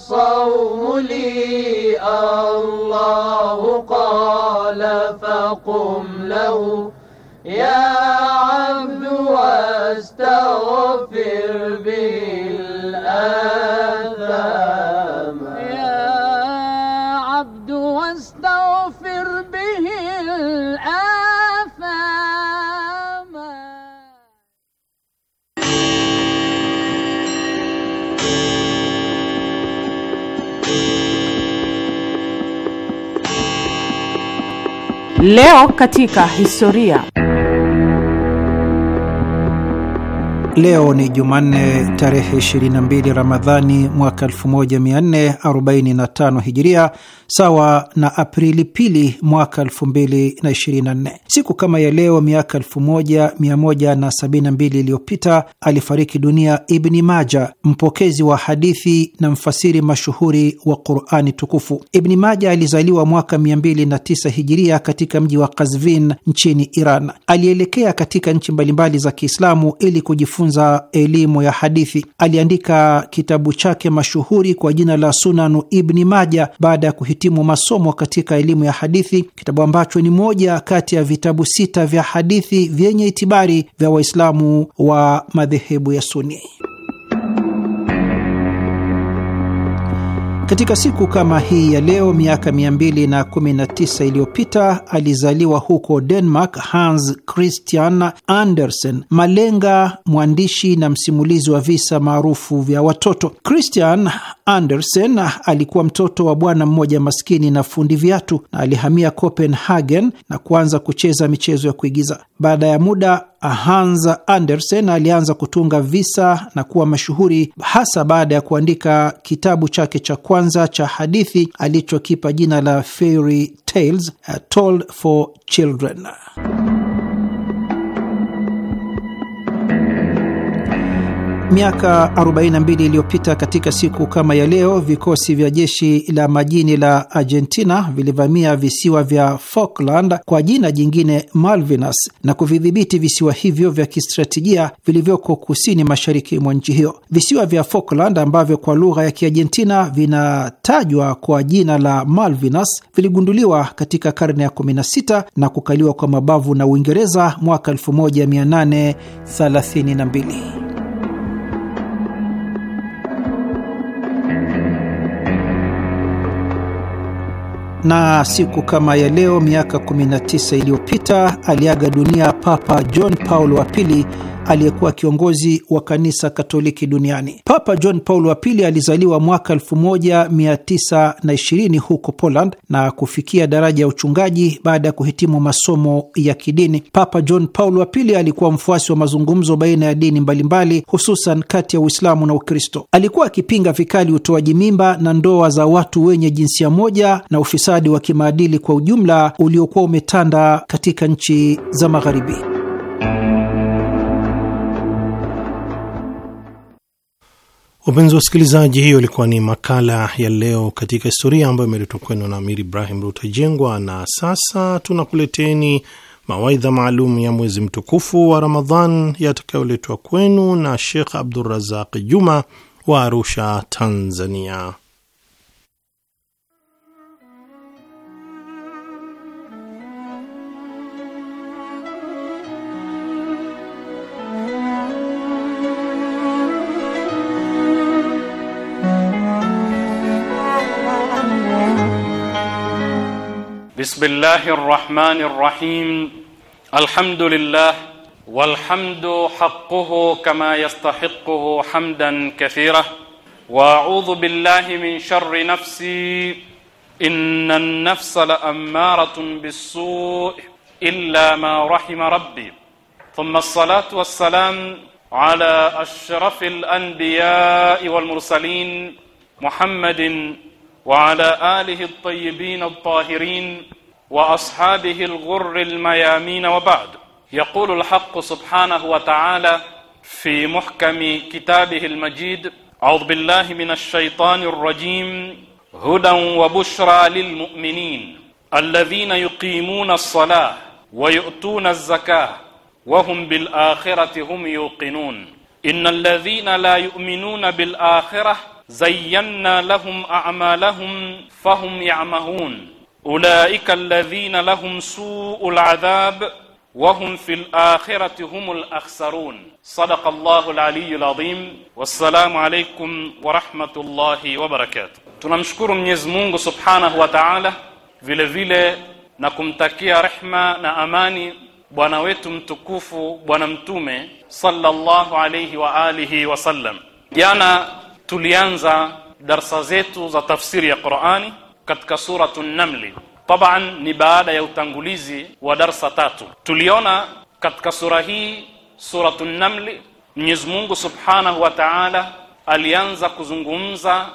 Sawmu li Allahu qala faqum lahu يا عبد واستغفر به الآثام يا عبد واستغفر به الآثام Leo katika historia Leo ni Jumanne tarehe 22 Ramadhani mwaka 1445 Hijiria, sawa na Aprili pili mwaka 2024. Siku kama ya leo miaka 1172 iliyopita alifariki dunia Ibni Maja, mpokezi wa hadithi na mfasiri mashuhuri wa Qurani Tukufu. Ibni Maja alizaliwa mwaka 209 Hijiria katika mji wa Kazvin nchini Iran. Alielekea katika nchi mbalimbali za Kiislamu ili kujifunza kujifunza elimu ya hadithi. Aliandika kitabu chake mashuhuri kwa jina la Sunanu Ibni Maja baada ya kuhitimu masomo katika elimu ya hadithi, kitabu ambacho ni moja kati ya vitabu sita vya hadithi vyenye itibari vya Waislamu wa madhehebu ya Suni. Katika siku kama hii ya leo miaka 219 iliyopita alizaliwa huko Denmark Hans Christian Andersen, malenga, mwandishi na msimulizi wa visa maarufu vya watoto. Christian Andersen alikuwa mtoto wa bwana mmoja maskini na fundi viatu, na alihamia Copenhagen na kuanza kucheza michezo ya kuigiza. Baada ya muda Hans Andersen alianza kutunga visa na kuwa mashuhuri hasa baada ya kuandika kitabu chake cha kwanza cha hadithi alichokipa jina la Fairy Tales Told for Children. Miaka 42 iliyopita katika siku kama ya leo, vikosi vya jeshi la majini la Argentina vilivamia visiwa vya Falkland kwa jina jingine Malvinas na kuvidhibiti visiwa hivyo vya kistratejia vilivyoko kusini mashariki mwa nchi hiyo. Visiwa vya Falkland ambavyo kwa lugha ya Kiargentina vinatajwa kwa jina la Malvinas viligunduliwa katika karne ya 16 na kukaliwa kwa mabavu na Uingereza mwaka 1832. na siku kama ya leo miaka 19 iliyopita aliaga dunia Papa John Paulo wa pili aliyekuwa kiongozi wa kanisa Katoliki duniani. Papa John Paul wa pili alizaliwa mwaka 1920 huko Poland na kufikia daraja ya uchungaji baada ya kuhitimu masomo ya kidini. Papa John Paul wa pili alikuwa mfuasi wa mazungumzo baina ya dini mbalimbali, hususan kati ya Uislamu na Ukristo. Alikuwa akipinga vikali utoaji mimba na ndoa za watu wenye jinsia moja na ufisadi wa kimaadili kwa ujumla uliokuwa umetanda katika nchi za Magharibi. Wapenzi wasikilizaji, hiyo ilikuwa ni makala ya leo katika historia ambayo imeletwa kwenu na amir Ibrahim Rutajengwa, na sasa tunakuleteni mawaidha maalum ya mwezi mtukufu wa Ramadhan yatakayoletwa kwenu na Shekh Abdurazaq Juma wa Arusha, Tanzania. بسم الله الرحمن الرحيم الحمد لله والحمد حقه كما يستحقه حمدا كثيرا واعوذ بالله من شر نفسي ان النفس لاماره بالسوء الا ما رحم ربي ثم الصلاه والسلام على اشرف الانبياء والمرسلين محمد وعلى آله الطيبين الطاهرين وأصحابه الغر الميامين وبعد يقول الحق سبحانه وتعالى في محكم كتابه المجيد أعوذ بالله من الشيطان الرجيم هدى وبشرى للمؤمنين الذين يقيمون الصلاة ويؤتون الزكاة وهم بالآخرة هم يوقنون إن الذين لا يؤمنون بالآخرة زينا لهم أعمالهم فهم يعمهون أولئك الذين لهم سوء العذاب وهم في الآخرة هم الأخسرون صدق الله العلي العظيم والسلام عليكم ورحمة الله وبركاته تنمشكر Mwenyezi Mungu Subhanahu wa Ta'ala vile vile na kumtakia bwana wetu mtukufu Bwana Mtume sallallahu alayhi wa alihi sallam. Jana tulianza darsa zetu za tafsiri ya Qur'ani katika suratu Namli. Taban ni baada ya utangulizi wa darsa tatu. Tuliona katika sura hii suratu Namli, Mwenyezi Mungu subhanahu wa ta'ala alianza kuzungumza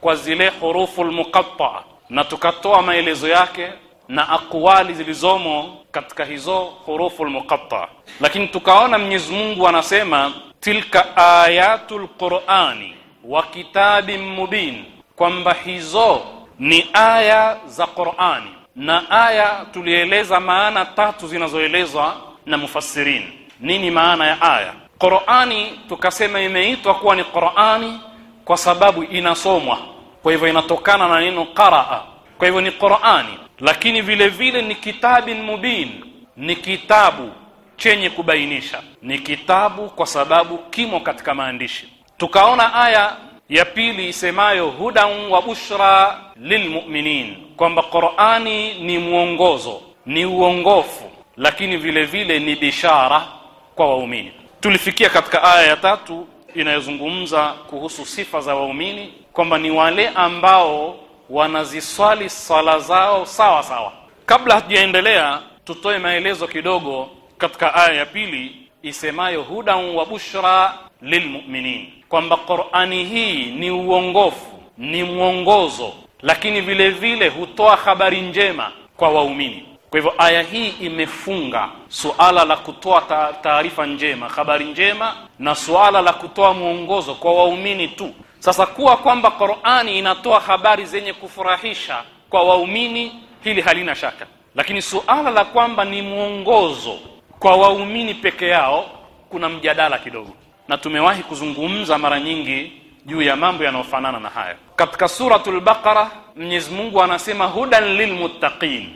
kwa zile hurufu almuqatta, na tukatoa maelezo yake na akwali zilizomo katika hizo hurufu lmuqata lakini tukaona Mwenyezi Mungu anasema tilka ayatu lqurani wa kitabin mubin, kwamba hizo ni aya za Qurani na aya tulieleza maana tatu zinazoelezwa na mufassirin. Nini maana ya aya? Qurani tukasema imeitwa kuwa ni Qurani kwa sababu inasomwa, kwa hivyo inatokana na neno qaraa, kwa hivyo ni Qurani lakini vile vile ni kitabin mubin, ni kitabu chenye kubainisha, ni kitabu kwa sababu kimo katika maandishi. Tukaona aya ya pili isemayo hudan wa bushra lilmuminin, kwamba Qurani ni mwongozo, ni uongofu, lakini vile vile ni bishara kwa waumini. Tulifikia katika aya ya tatu inayozungumza kuhusu sifa za waumini, kwamba ni wale ambao wanaziswali sala zao sawa sawa. Kabla hatujaendelea, tutoe maelezo kidogo katika aya ya pili isemayo hudan wa bushra lilmuminin, kwamba Qur'ani hii ni uongofu, ni mwongozo, lakini vile vile hutoa habari njema kwa waumini. Kwa hivyo aya hii imefunga suala la kutoa taarifa njema, habari njema, na suala la kutoa mwongozo kwa waumini tu. Sasa kuwa kwamba Qur'ani inatoa habari zenye kufurahisha kwa waumini, hili halina shaka, lakini suala la kwamba ni mwongozo kwa waumini peke yao, kuna mjadala kidogo, na tumewahi kuzungumza mara nyingi juu ya mambo yanayofanana na haya. Katika suratul Baqara, Mwenyezi Mungu anasema hudan lilmuttaqin,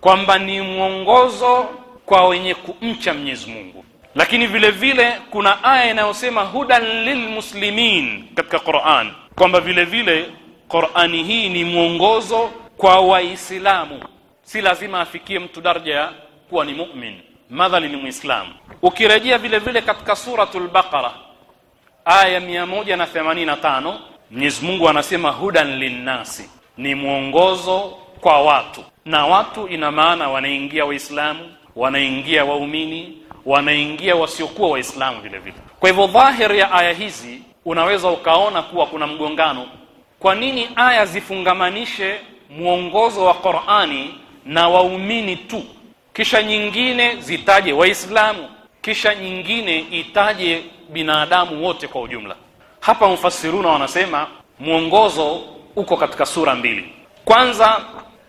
kwamba ni mwongozo kwa wenye kumcha Mwenyezi Mungu lakini vile vile kuna aya inayosema hudan lilmuslimin katika Qur'an kwamba vile vile Qur'ani hii ni mwongozo kwa Waislamu si lazima afikie mtu daraja ya kuwa ni mu'min madhali ni muislamu ukirejea vile vile katika suratul baqara aya 185 Mwenyezi Mungu anasema hudan linnasi ni mwongozo kwa watu na watu ina maana wanaingia waislamu wanaingia waumini wanaingia wasiokuwa waislamu vile vile. Kwa hivyo dhahiri ya aya hizi unaweza ukaona kuwa kuna mgongano. Kwa nini aya zifungamanishe mwongozo wa Qur'ani na waumini tu, kisha nyingine zitaje Waislamu, kisha nyingine itaje binadamu wote kwa ujumla? Hapa mufasiruna wanasema mwongozo uko katika sura mbili. Kwanza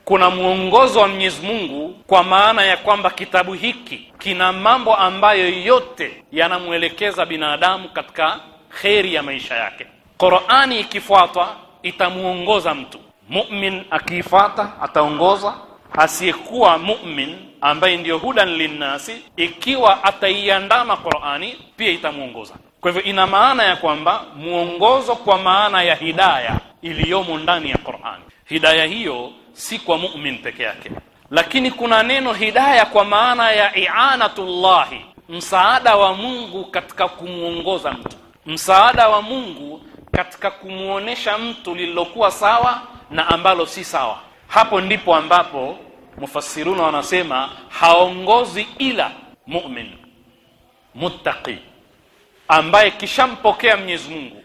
kuna mwongozo wa Mwenyezi Mungu, kwa maana ya kwamba kitabu hiki kina mambo ambayo yote yanamwelekeza binadamu katika kheri ya maisha yake. Qurani ikifuatwa itamwongoza mtu mumin, akiifata ataongoza. Asiyekuwa mumin ambaye ndiyo hudan linnasi, ikiwa ataiandama Qurani pia itamwongoza. Kwa hivyo ina maana ya kwamba mwongozo, kwa maana ya hidaya iliyomo ndani ya Qurani, hidaya hiyo si kwa mu'min peke yake lakini kuna neno hidaya kwa maana ya i'anatullahi msaada wa Mungu katika kumuongoza mtu msaada wa Mungu katika kumuonesha mtu lililokuwa sawa na ambalo si sawa hapo ndipo ambapo mufassiruna wanasema haongozi ila mu'min muttaqi ambaye kishampokea Mwenyezi Mungu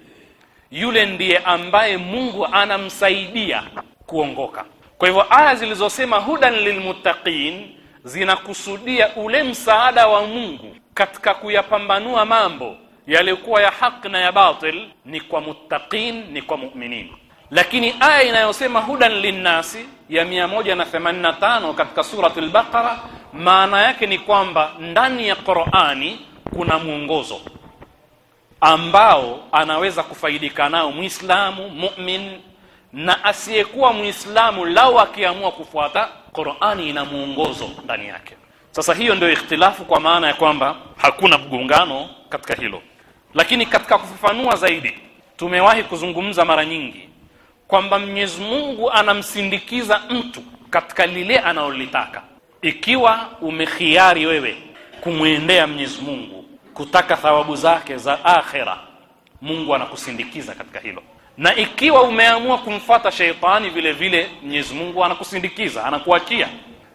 yule ndiye ambaye Mungu anamsaidia kuongoka kwa hivyo aya zilizosema hudan lilmuttaqin zinakusudia ule msaada wa Mungu katika kuyapambanua mambo yaliyokuwa ya haki na ya batil, ni kwa muttaqin, ni kwa mu'minin. Lakini aya inayosema hudan linnasi ya 185 katika suratul Baqara, maana yake ni kwamba ndani ya Qur'ani kuna mwongozo ambao anaweza kufaidika nao Muislamu, mu'min na asiyekuwa muislamu lau akiamua kufuata Qur'ani ina mwongozo ndani yake sasa hiyo ndio ikhtilafu kwa maana ya kwamba hakuna mgongano katika hilo lakini katika kufafanua zaidi tumewahi kuzungumza mara nyingi kwamba Mwenyezi Mungu anamsindikiza mtu katika lile analolitaka ikiwa umekhiari wewe kumwendea Mwenyezi Mungu kutaka thawabu zake za akhera Mungu anakusindikiza katika hilo na ikiwa umeamua kumfata sheitani vile vile Mwenyezi Mungu anakusindikiza anakuachia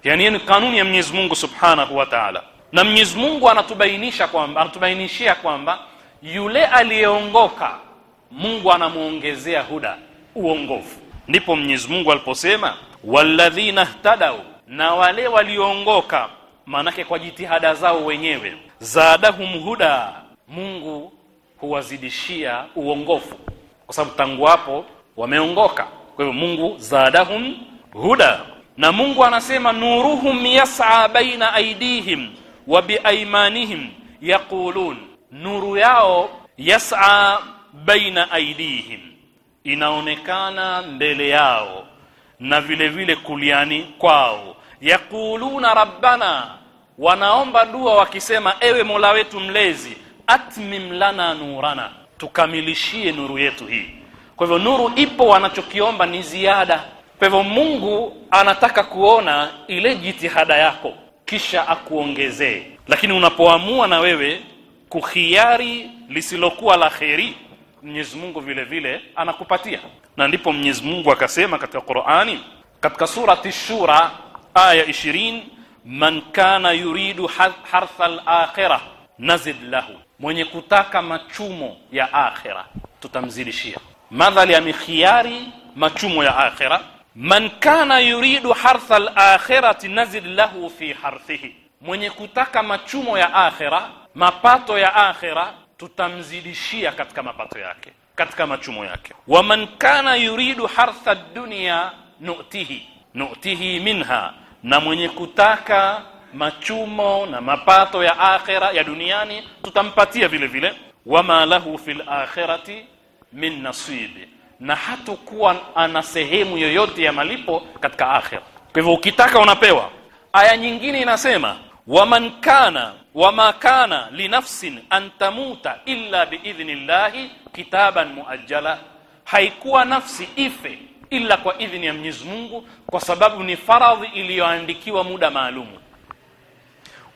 yani ni kanuni ya Mwenyezi Mungu Subhanahu wa Ta'ala na Mwenyezi Mungu anatubainisha kwamba anatubainishia kwamba yule aliyeongoka Mungu anamuongezea huda uongofu ndipo Mwenyezi Mungu aliposema walladhina htadau na wale walioongoka maanake kwa jitihada zao wenyewe zadahum huda Mungu huwazidishia uongofu kwa sababu tangu hapo wameongoka. Kwa hivyo Mungu zadahum huda, na Mungu anasema nuruhum yas'a baina aidihim wa biaimanihim yaqulun, nuru yao yas'a baina aidihim, inaonekana mbele yao na vile vile kuliani kwao. Yaquluna rabbana, wanaomba dua wakisema, ewe Mola wetu mlezi, atmim lana nurana tukamilishie nuru yetu hii. Kwa hivyo nuru ipo, wanachokiomba ni ziada. Kwa hivyo Mungu anataka kuona ile jitihada yako, kisha akuongezee. Lakini unapoamua na wewe kuhiari lisilokuwa la kheri, Mwenyezi Mungu vile vile anakupatia, na ndipo Mwenyezi Mungu akasema katika Qur'ani, katika surati Shura aya 20, man kana yuridu harthal akhirah nazid lahu mwenye kutaka machumo ya akhira tutamzidishia madhali ya mikhiari machumo ya akhira man kana yuridu hartha al nazid lahu fi harthihi mwenye kutaka machumo ya akhira mapato ya akhira tutamzidishia katika mapato yake katika machumo yake waman kana yuridu hartha dunya nu'tihi nu'tihi minha na mwenye kutaka machumo na mapato ya akhira ya duniani tutampatia vile vile wama lahu fil akhirati min nasibi na hatakuwa ana sehemu yoyote ya malipo katika akhira kwa hivyo ukitaka unapewa aya nyingine inasema waman kana wama kana linafsin an tamuta illa biidhnillahi kitaban muajjala haikuwa nafsi ife ila kwa idhini ya Mwenyezi Mungu kwa sababu ni faradhi iliyoandikiwa muda maalumu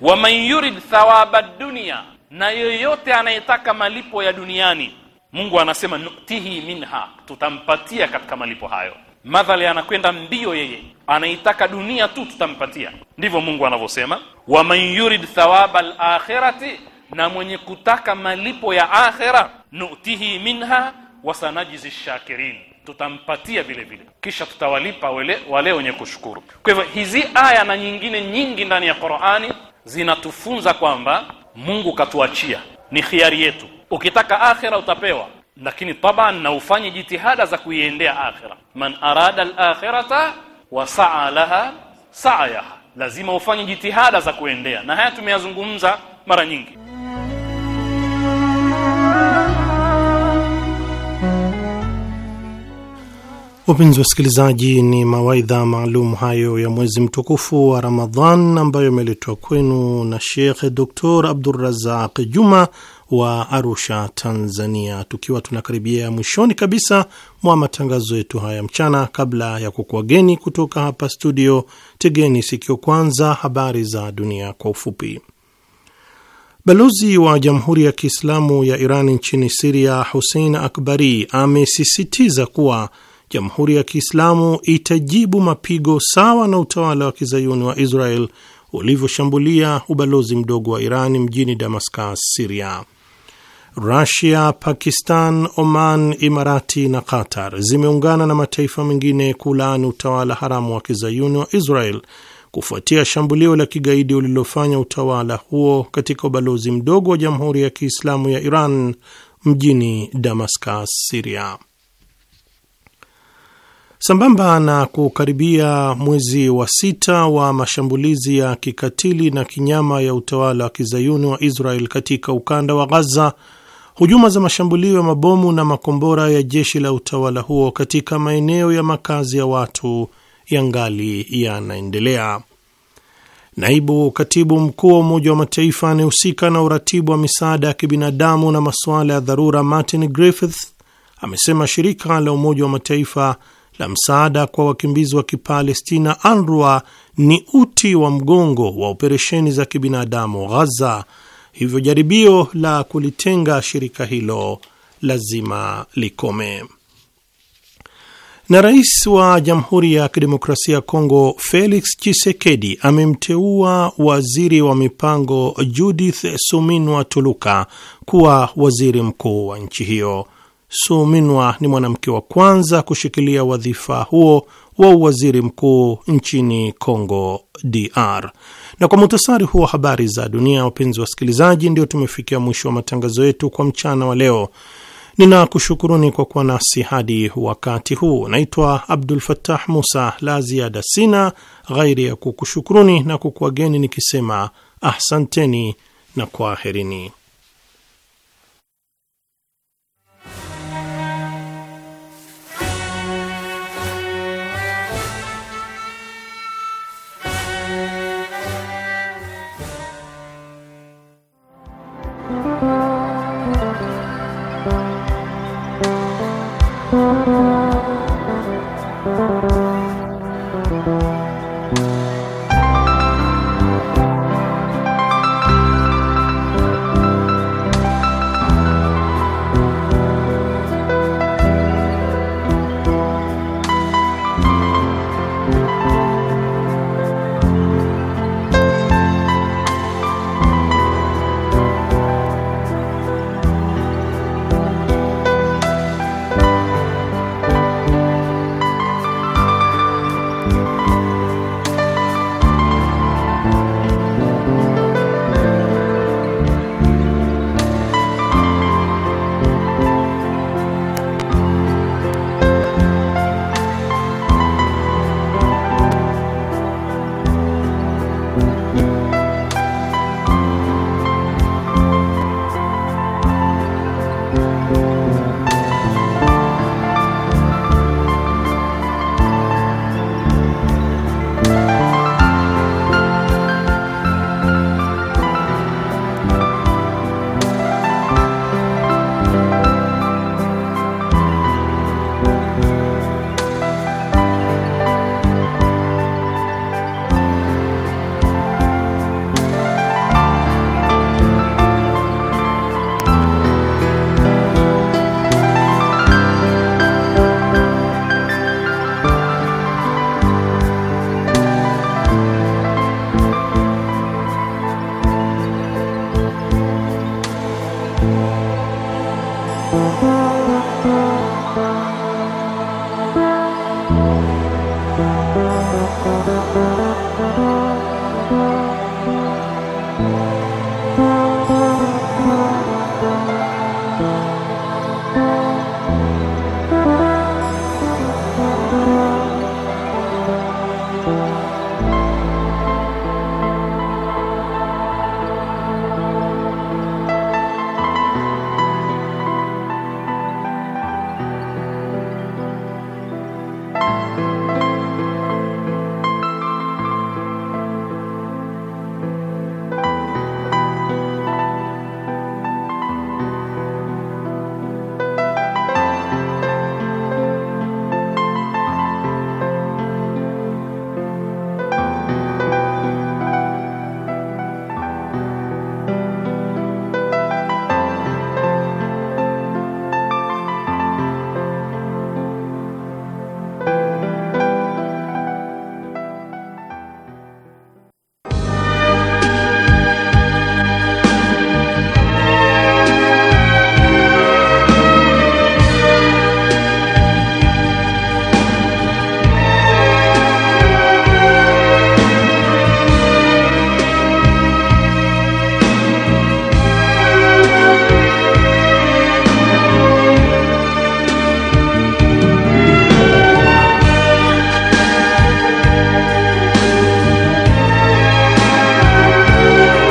waman yurid thawaba dunia, na yoyote anayetaka malipo ya duniani Mungu anasema nutihi minha, tutampatia katika malipo hayo. Madhali anakwenda mbio, yeye anaitaka dunia tu, tutampatia. Ndivyo Mungu anavyosema, man yurid thawaba alakhirati, na mwenye kutaka malipo ya akhira nutihi minha sanajizi shakirin, tutampatia vile vile, kisha tutawalipa wale wenye kushukuru. Kwa hivyo hizi aya na nyingine nyingi ndani ya Qur'ani zinatufunza kwamba Mungu katuachia ni khiari yetu ukitaka akhira utapewa lakini taban na ufanye jitihada za kuiendea akhira man arada al-akhirata wa sa'a laha saayaha lazima ufanye jitihada za kuendea na haya tumeyazungumza mara nyingi Wapenzi wasikilizaji, ni mawaidha maalum hayo ya mwezi mtukufu wa Ramadhan ambayo yameletwa kwenu na shekh Dr Abdurazaq Juma wa Arusha, Tanzania, tukiwa tunakaribia mwishoni kabisa mwa matangazo yetu haya mchana. Kabla ya kukuageni kutoka hapa studio, tegeni sikio kwanza habari za dunia kwa ufupi. Balozi wa Jamhuri ya Kiislamu ya Iran nchini Siria, husein Akbari, amesisitiza kuwa Jamhuri ya Kiislamu itajibu mapigo sawa na utawala wa kizayuni wa Israel ulivyoshambulia ubalozi mdogo wa Iran mjini Damascus, Siria. Rusia, Pakistan, Oman, Imarati na Qatar zimeungana na mataifa mengine kulaani utawala haramu wa kizayuni wa Israel kufuatia shambulio la kigaidi ulilofanya utawala huo katika ubalozi mdogo wa Jamhuri ya Kiislamu ya Iran mjini Damascus, Siria. Sambamba na kukaribia mwezi wa sita wa mashambulizi ya kikatili na kinyama ya utawala wa kizayuni wa Israel katika ukanda wa Ghaza, hujuma za mashambulio ya mabomu na makombora ya jeshi la utawala huo katika maeneo ya makazi ya watu yangali yanaendelea. Naibu katibu mkuu wa Umoja wa Mataifa anayehusika na uratibu wa misaada ya kibinadamu na masuala ya dharura Martin Griffiths amesema shirika la Umoja wa Mataifa la msaada kwa wakimbizi wa Kipalestina UNRWA ni uti wa mgongo wa operesheni za kibinadamu Ghaza, hivyo jaribio la kulitenga shirika hilo lazima likome. Na rais wa Jamhuri ya Kidemokrasia ya Kongo Felix Tshisekedi amemteua waziri wa mipango Judith Suminwa Tuluka kuwa waziri mkuu wa nchi hiyo suminwa ni mwanamke wa kwanza kushikilia wadhifa huo wa uwaziri mkuu nchini congo DR. Na kwa muhtasari huo habari za dunia, wapenzi wasikilizaji, ndio tumefikia mwisho wa matangazo yetu kwa mchana wa leo. Ninakushukuruni kwa kuwa nasi hadi wakati huu. Naitwa Abdul Fattah Musa. La ziada sina ghairi ya kukushukuruni na kukuageni nikisema ahsanteni na kwaherini.